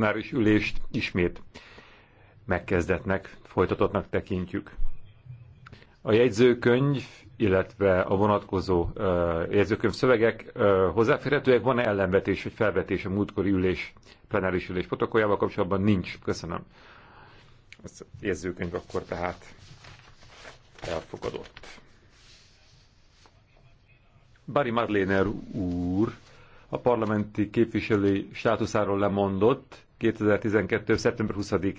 plenáris ülést ismét megkezdetnek, folytatottnak tekintjük. A jegyzőkönyv, illetve a vonatkozó uh, jegyzőkönyv szövegek uh, hozzáférhetőek, van-e ellenvetés vagy felvetés a múltkori ülés, plenáris ülés protokolljával kapcsolatban? Nincs, köszönöm. Ez jegyzőkönyv akkor tehát elfogadott. Bari Marléner úr a parlamenti képviselői státuszáról lemondott 2012. szeptember 20